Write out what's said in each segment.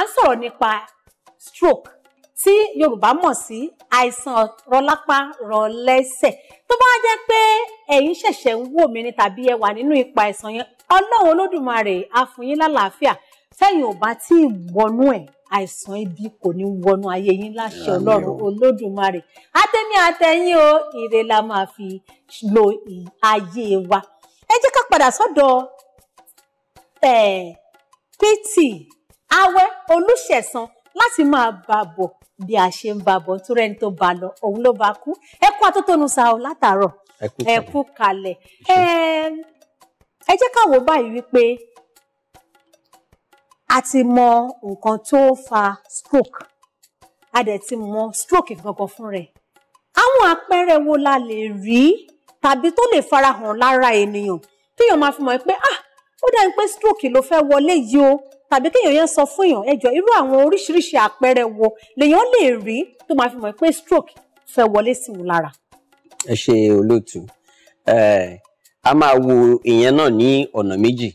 à ń sọ̀rọ̀ nípa stroke tí Yorùbá mọ̀ sí àìsàn rọlápá rọlẹ́sẹ̀ tó bá jẹ́ pé ẹ̀yin ṣẹ̀ṣẹ̀ ń wò mí ni tàbí ẹ wà nínú ipa àìsàn yẹn Ọlọ́run Olódùmarè á fún yín lálàáfíà tẹ́yin ò bá tí ì wọnú ẹ̀ àìsàn ibi kò ní wọnú ayé yín láṣẹ Ọlọ́run Olódùmarè àtẹ̀mí àtẹ̀yin o ire la máa fi lo ayé wa ẹ jẹ́ ká padà sọ́dọ̀ pt awẹ́ olùṣẹ̀san láti máa bá a bọ̀ bí a ṣe ń bá a bọ̀ tó rẹ́ni tó bá a lọ òun ló bá a kú ẹ kú atótónu sa ọ látàárọ̀ ẹ kú kalẹ̀ ẹ jẹ́ ká wò báyìí wípé a ti mọ nǹkan tó fa stroke a dẹ̀ ti mọ stroke gangan fún rẹ̀ àwọn àpẹẹrẹ wo la lè rí tàbí tó lè farahàn lára ènìyàn téèyàn máa fi mọ̀ pé ah ó dàbí pé stroke ló fẹ́ wọlé yìí o tàbí kéèyàn yẹn sọ fún èèyàn ẹjọ irú àwọn oríṣiríṣi àpẹẹrẹ wo lèèyàn lè rí tó máa fi mọ̀ pé stroke fẹ́ wọlé sí wọn lára. ẹ ṣe olóòtú a máa wo ìyẹn náà ní ọ̀nà méjì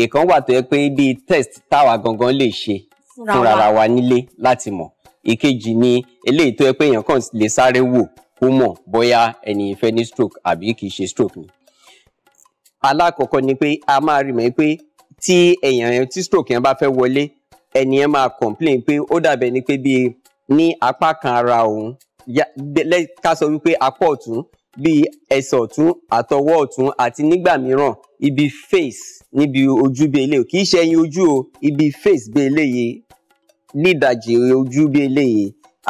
èèkan wà tó yẹ pé bíi test táwa gangan lè ṣe fúnra wa nílé láti mọ̀ ìkejì ni eléyìí tó yẹ pé èèyàn kàn lè sáré wò kó mọ̀ bóyá ẹni fẹ́ ní stroke àbí kì ṣe stroke ni alákọ̀ọ́kọ́ ni pé a máa rí mọ̀ pé tí èèyàn yẹn tí stroke yẹn bá fẹ́ wọlé ẹni yẹn máa complain pé ó dàbẹ̀ ni pé bíi ní apá kan ara òun ká sọ wípé apá ọ̀tún bíi ẹsẹ̀ ọ̀tún àtọwọ́ ọ̀tún àti nígbà mìíràn ibi face níbi ojú bíi eléyìí kì í ṣe ẹyin ojú o ibi face bíi eléyìí nídàjì ojú bíi eléyìí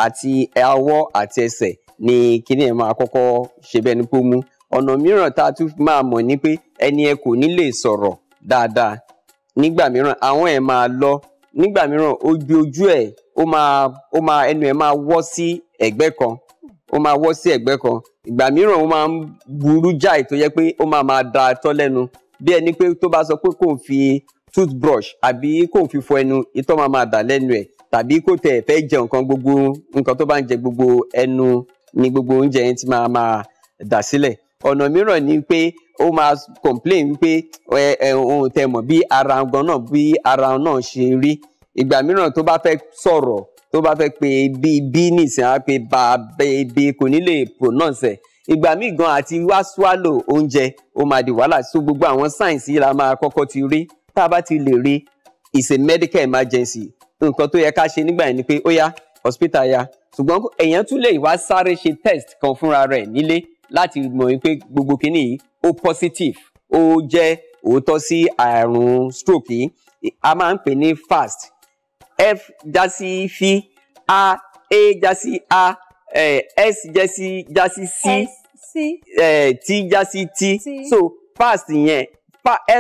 àti ọwọ́ àti ẹsẹ̀ ni kíní ẹ̀ máa kọ́kọ́ ṣe bẹ́ẹ̀ ni pé ó mú ọ̀nà mìíràn tá a tún máa mọ̀ ni pé ẹni ẹ kò ní lè sọ̀rọ̀ dáadáa nígbà mìíràn àwọn ẹ̀ máa lọ nígbà mìíràn ojú ojú ẹ̀ ó máa ó máa ẹnu ẹ̀ máa wọ́ sí ẹ̀gbẹ́ kan ó máa wọ́ sí ẹ̀gbẹ́ kan ìgbà mìíràn ó máa ń burú jáì tó yẹ pé ó máa máa da tọ́ lẹ́nu bí ẹni pé tó bá sọ pé kò ń fi toothbrush àbí kò ń fi fọ ẹnu itọ́ máa máa dà lẹ́nu ẹ̀ tàbí kò tẹ̀ fẹ́ jẹ nǹkan gbogbo nǹkan tó bá ń jẹ gbogbo ẹnu ni gbogbo oúnjẹ yẹn ti máa máa dà sílẹ̀ ọ̀nà mìíràn ni pé ó máa complain wípé ohun tẹ́ mọ̀ bí ara gan náà bí ara náà ṣe rí ìgbà mìíràn tó bá fẹ́ sọ̀rọ̀ tó bá fẹ́ pe bí bí nìsín á pe bá bèbè kò ní lè pronounce ẹ̀ ìgbà míì gan àti wá swallow oúnjẹ ó máa di wàhálà so gbogbo àwọn signs yìí la máa kọ́kọ́ ti rí tá a bá ti lè rí it's a medical emergency nǹkan tó yẹ ká ṣe nígbà yẹn ni pé ó yá hospital ya ṣùgbọ́n èèyàn tún lè wá sáré ṣe test kan fúnra rẹ̀ nílé láti mọ̀ wípé gbogbo kínní yìí ó positive ó jẹ́ òótọ́ sí àrùn stroke yìí a máa ń pè ní fast f já sí fi a a já sí a eh, s já sí já sí c eh, t já sí t so fast yẹn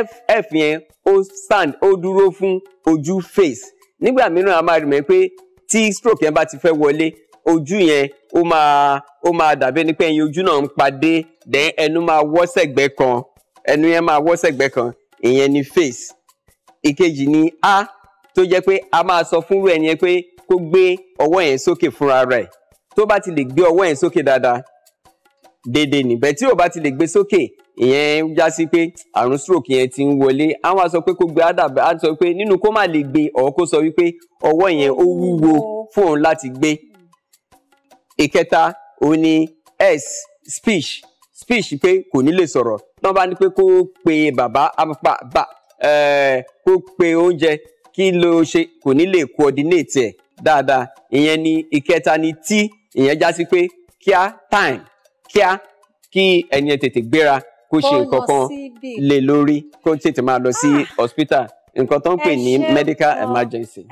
f f yẹn ó stand ó dúró fún ojú face nígbà mìíràn a máa rí mọ̀ pé tí stroke yẹn bá ti fẹ́ wọlé ojú yẹn ó máa ó máa dàbí ẹni pé ẹyin ojú náà ń padé then ẹnu máa wọ́ sẹ̀gbẹ́ kan ẹnu yẹn máa wọ́ sẹ̀gbẹ́ kan ìyẹn ni face ìkejì ni a tó jẹ́ pé a máa sọ fúnrú ẹni yẹn pé kó gbé ọwọ́ yẹn sókè fúnra rẹ̀ tó bá ti lè gbé ọwọ́ yẹn sókè dáadáa déédéé níbẹ̀ tí ò bá ti lè gbé sókè ìyẹn já sí pé àrùn stroke yẹn ti ń wọlé àwọn sọ pé kó gbé àdàbà á sọ pé nínú kó má lè gbé ọ̀ kó sọ wípé ọwọ́ yẹn ó wúwo fún òun láti gbé ìkẹta òun ni s speech speech pé kò ní lè sọ̀rọ̀ tí wọ́n bá ní pé kó pe bàbá apapa bá eh, kó pe oúnjẹ kí ló ṣe kò ní lè coordinate ẹ̀ dáadáa ìyẹn ni ìkẹta ni tí ìyẹn já sí pé kíá time kíá kí ẹni ẹ tètè gbéra kó ṣe nǹkan kan lè lórí kó tètè máa lọ sí ah! hospital nǹkan tó ń pè ní medical emergency.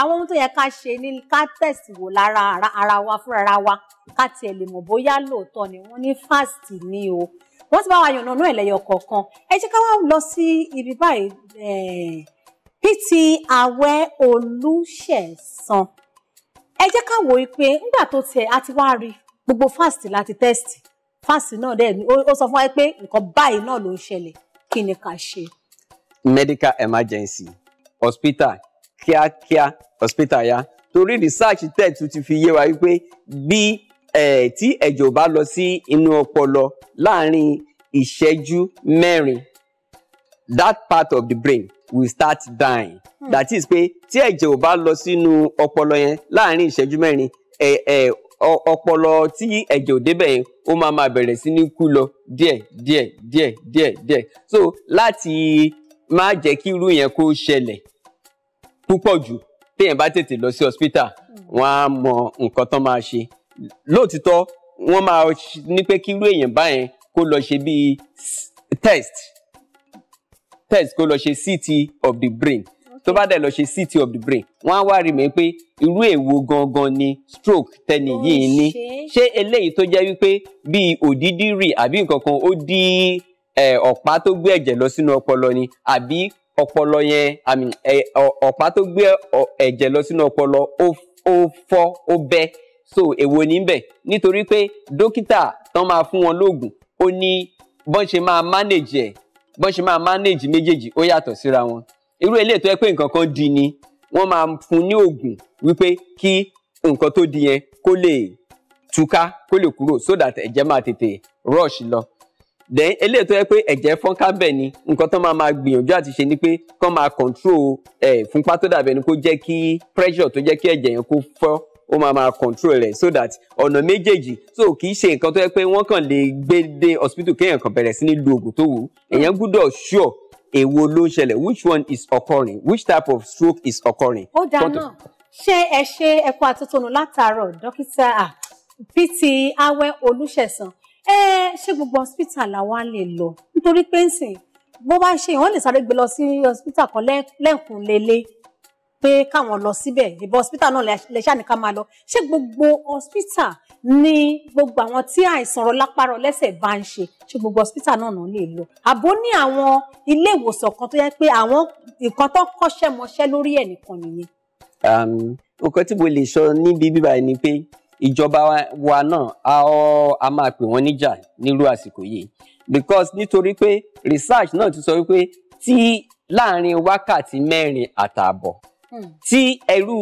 àwọn ohun tó yẹ ká ṣe ni ká tẹ̀sí wò lára ara wa fúnra ara wa ká tiẹ̀ lè mọ̀ bóyá lóòótọ́ ni wọ́n ní fast ni o wọ́n ti bá wa yànnà náà ẹ̀lẹ́yọ̀ kọ̀ọ̀kan ẹ jẹ́ ká wá lọ sí ibi báyìí eh, pt àwẹ̀ olùṣẹ̀san ẹ jẹ́ ká wòye pé nígbà tó tiẹ̀ a ti wá rí gbogbo fast láti test fast náà dẹ̀ ó sọ fún wa pé nǹkan báyìí náà ló ń ṣẹlẹ̀ kí ni ká ṣe medical emergency hospital kíákíá hospital ya torí research tẹ̀tù ti fi yé wa wípé bí tí ẹ̀jọ̀ bá lọ sí inú ọpọlọ láàárín ìṣẹ́jú mẹ́rin that part of the brain will start dying hmm. that is pé tí ẹ̀jẹ̀ ò bá lọ sínú ọpọlọ yẹn láàárín ìṣẹ́jú mẹ́rin ẹ̀ ẹ̀ ọpọlọ tí ẹ̀jẹ̀ ò débẹ̀ yẹn ó máa máa bẹ̀rẹ̀ sí ní kú lọ díẹ̀ díẹ̀ díẹ̀ díẹ̀ so láti má jẹ́ kí irú yẹn kó ṣẹlẹ̀ púpọ̀ jù téèyàn bá tètè lọ sí hospital wọ́n á mọ nǹkan tán máa ṣe lóòtítọ́ wọ́n máa ní pé kí irú èèyàn báyẹn kó lọ ṣe bíi test test kó lọ ṣe CT of the brain tó bá dẹ̀ lọ ṣe CT of the brain wọ́n á wá rí mi pé irú èwo gangan ni stroke tẹni yìí ní ṣé eléyìí tó jẹ́ wípé bíi òdídírì àbí nǹkan kan ó dí ọ̀pá tó gbé ẹ̀jẹ̀ lọ sínú ọpọlọ ni àbí ọpọlọ yẹn ọ̀pá tó gbé ẹ̀jẹ̀ lọ sínú ọpọlọ ó fọ́ ó bẹ́ so èwo níbẹ̀ nítorí pé dókítà tán máa fún wọn lóògùn ó ní bọ́n ṣe máa manage ẹ̀ bọ́n ṣe máa manage méjèèjì ó yàtọ̀ síra wọn irú eléyìí tó yẹ pé nǹkan kan di ni wọ́n máa fún ní oògùn wípé kí nǹkan tó di yẹn kó lè túká kó lè kúrò so that ẹ̀jẹ̀ máa tètè rush lọ then eléyìí tó yẹ pé ẹ̀jẹ̀ fọ́nká bẹ̀ ni nǹkan tó máa máa gbìyànjú àti ṣe ni pé kó máa control ìfúnpá tó dàbẹ̀ ni kó jẹ́ kí pressure tó jẹ́ kí ẹ̀jẹ̀ yẹn kó fọ́ ó máa máa control rẹ̀ so that ọ̀nà méjèèjì so kì í ṣe nǹkan tó yẹ pé wọ́n kàn lè gbé dé hospital kéèyàn kan bẹ̀rẹ̀ sí ní lu oògùn tó wù ú mm. èèyàn gbúdọ̀ sure èwo ló ń ṣẹlẹ̀ which one is occurring which type of stroke is occurring. ó dáa náà ṣé ẹ ṣe ẹ̀kọ́ àtúntò látàárọ̀ dókítà ah, pt awẹ́ olúṣẹ̀sán ẹ ṣé gbogbo hospital làwa lè lọ nítorí pé nsìn bó bá ṣe wọn lè sáré gbé lọ sí hospital kan lẹ́kùn lélẹ̀ pé káwọn lọ síbẹ̀ ìbọn hospital náà lè ṣàní ká máa lọ ṣé gbogbo hospital ní gbogbo àwọn tí àìsàn rọ lápárọ lẹ́sẹ̀ bá ń ṣe ṣé gbogbo hospital náà náà lè lọ àbó ní àwọn ilé ìwòsàn kan tó yẹ pé àwọn nǹkan tó kọ́ṣẹ́ mọṣẹ́ lórí ẹ̀ nìkan nìyẹn. nǹkan tí mo lè sọ níbi bíbá ni pé ìjọba wa náà a ọ a máa pè wọ́n níjà nírú àsìkò yìí because nítorí pé research náà ti sọ wípé tí láàrin wákàtí mẹ́rin àtààbọ̀ hmm. tí ẹrú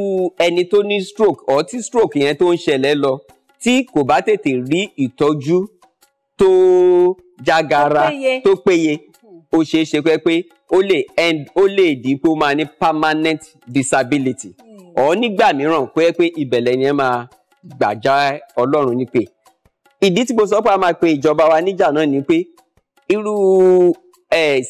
ẹni tó ní stroke or tí stroke yẹn tó ń ṣẹlẹ̀ lọ tí kò bá tètè rí ìtọ́jú tó jágara tó péye hmm. ó ṣeé ṣe pé ó lè end ó lè di pé ó máa ní permanent disability ọ̀ hmm. nígbà mìíràn pé pé ìbẹ̀lẹ̀ yẹn máa gbàjá ọlọ́run nípè ìdí tí mo sọ pé a máa pe ìjọba wa níjà náà ni pé irú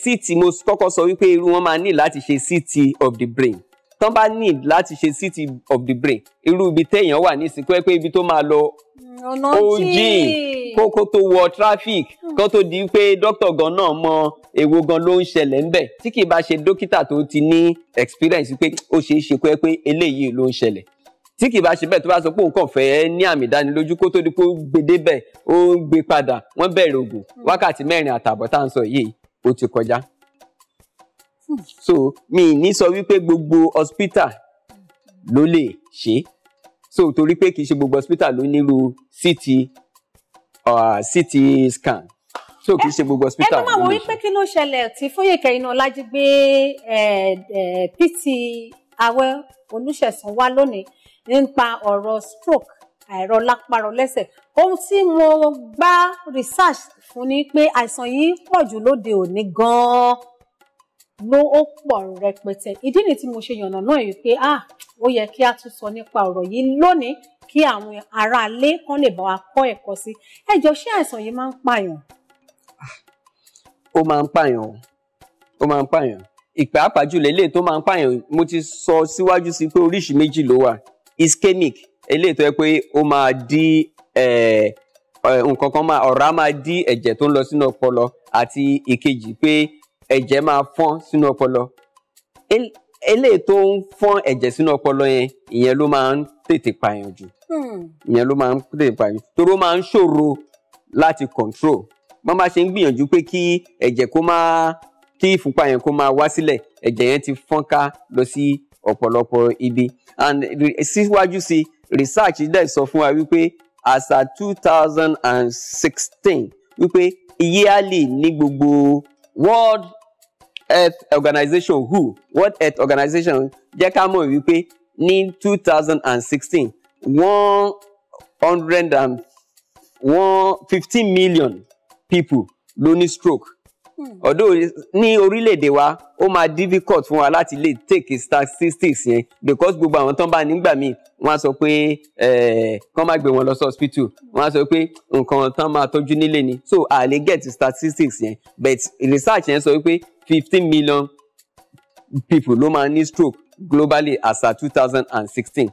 síìtì mo kọ́kọ́ sọ wípé irú wọn máa ní láti ṣe síìtì of the brain tán bá need láti ṣe CT of the brain irú ibi téèyàn wà nísìnyí kó ẹ pé ibi tó máa lọ ó jìn kókó tó wọ traffic kó tó di pé dókítà gan náà mọ èwo gan ló ń ṣẹlẹ̀ ńbẹ̀ tí kì í bá ṣe dókítà tó ti ní experience pé ó ṣeé ṣe kó ẹ pé eléyìí ló ń ṣẹlẹ̀ tí kì í bá ṣe bẹ́ẹ̀ tó bá sọ pé òun kàn fẹ́ ní àmì ìdánilójú kó tó di pé ó gbedé bẹ́ẹ̀ ó ń gbé padà wọ́n bẹ̀rẹ̀ ògùn hmm. wákàtí mẹ́rin àtààbọ̀ tá à ń sọ yìí ó ti kọjá. Hmm. so mi ní sọ wípé gbogbo hospital ló lè ṣe so torí pé kì í ṣe gbogbo hospital ló nílò CT uh, CT scan so kì í ṣe gbogbo hospital ló lè ṣe. ẹ bá máa wọ wípé kí ló ṣẹlẹ̀ tí Fóyèkẹ́ Ináolájí gbé pt awẹ́ Olúṣẹ̀san wá lónìí nípa ọ̀rọ̀ stroke àìrọ̀ lápárọ̀ lẹ́sẹ̀ ohun tí mo gbá research fún ni pé àìsàn yìí pọ̀ jù lóde òní gan-an ló ó pọ̀ rẹpẹtẹ ìdí ni tí mo ṣe yànnà náà yìí pé ah ó yẹ kí a tún sọ nípa ọ̀rọ̀ yìí lónìí kí àwọn aráalé kan lè bá wa kọ́ ẹ̀kọ́ sí ẹ jọ ṣé àìsàn yìí máa ń pààyàn. Ah, ó máa ń pààyàn ó máa ń pààyàn ìpàápàá jùlọ eléyìí tó máa ń pààyàn mo ti sọ síwájú sí pé oríṣìí méjì ló wà ischemic eléyìí tó yẹ pé ó máa dí nǹkan kan máa ọ̀rá máa dí ẹ̀jẹ̀ tó ń lọ sínú ọpọlọ àti ìkejì pé ẹ̀jẹ̀ máa fọ́n sínú ọpọlọ eléyìí tó ń fọ́n ẹ̀jẹ̀ sínú ọpọlọ yẹn ìyẹn ló máa ń tètè pààyàn jù hmm. ìyẹn ló máa ń tètè pààyàn jù toró máa ń ṣòro láti control wọ́n máa ṣe ń gbìyànjú pé kí ẹ̀jẹ̀ kó máa kí ìfúnpá yẹn kó máa wá sílẹ̀ ẹ̀jẹ̀ yẹn ti fọ́nká lọ sí ọ̀pọ̀lọpọ̀ ibi and síwájú sí research dẹ̀ sọ fún wa wípé as at two thousand and sixteen wípé yearly ní gbogbo world health organization who world health organization jẹ́ ká mọ̀ wípé ní two thousand and sixteen one hundred and one fifteen million people ló ní stroke ọ̀dọ́ hmm. ní orílẹ̀-èdè wa ó máa difficult fún wa láti lè take statistics yẹn because gbogbo àwọn tán bá nígbà míì wọ́n á sọ pé eh, kán má gbé wọn lọ sí hospital wọ́n á sọ pé nǹkan tán máa tọ́jú nílé ni so a lè get statistics yẹn but research yẹn sọ pé fifteen million people ló máa ní stroke globally as at two thousand and sixteen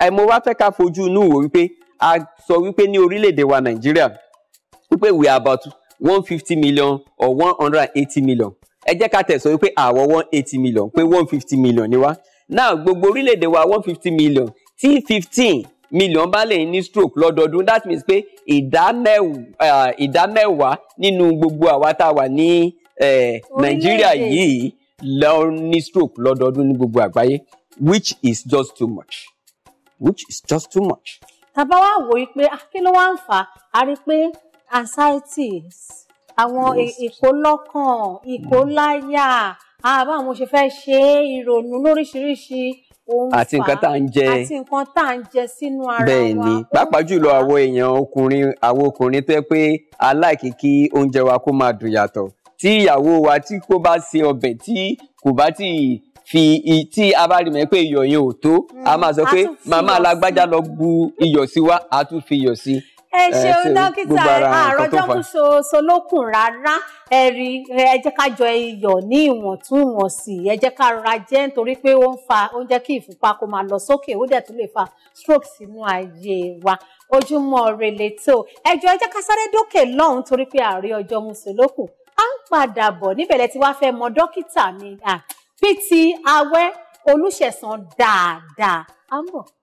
ẹ mo wá fẹ́ ká fojú inú wò wípé a sọ wípé ní orílẹ̀-èdè wa Nàìjíríà wípé we are about one fifty million or one hundred and eighty million ẹ jẹ́ ká tẹ̀sọ́ wípé àwọ̀ one eighty million pé one fifty million ni wá now gbogbo orílẹ̀-èdè wa one fifty million tí fifteen million bá lè ní stroke lọ́dọọdún that means pé ìdá eh, mẹ́wàá nínú gbogbo àwa tá a wà ní eh, nàìjíríà yìí lọ ní stroke lọ́dọọdún ní gbogbo àgbáyé which is just too much which is just too much. tàbá wá wòye pé ah, kí wá ń fà á rí i pé anxieties àwọn e-, ìkólọ́kàn ìkóláyà àbá ah, àwọn ṣe fẹ́ ṣe é ìrònú lóríṣiríṣi ohun fà á àti nǹkan tá à ń jẹ sínú ara wa bẹ́ẹ̀ ni pàápàá jùlọ àwọn èèyàn ọkùnrin àwọn ọkùnrin tó yẹ pé aláìkíkí oúnjẹ wa kó máa dùn yàtọ̀ tí ìyàwó wa tí kò bá ṣe ọbẹ̀ tí kò bá tí fi tí a bá rí mọ̀ pé iyọ̀ yẹn ò tó a hmm. máa sọ pé màmá alágbájá lọ bu iyọ̀ sí wa a tún fi iyọ̀ sí i ẹ ṣeun dókítà àròjọ mú ṣoṣo lókun rárá ẹ rí ẹ jẹ́ ká jọ iyọ̀ ní ìwọ̀ntúnwọ̀nsì ẹ jẹ́ ká ra jẹ nítorí pé ó ń fa ó ń jẹ́ kí ìfúnpá kó máa lọ sókè ó dẹ̀ tún lè fa stroke sínú ayé wa ojúmọ́ rèlè tó ẹjọ ẹ jẹ́ ká sáré dókè lọ́hùnún torí pé àárẹ ọjọ́ mú ṣoṣo lókun ń padà bọ̀ níbẹ̀lẹ̀ tí wàá fẹ́ mọ dókítà mi bíi ah, ti awẹ́ olùṣẹ̀san dáadáa à ń bọ̀.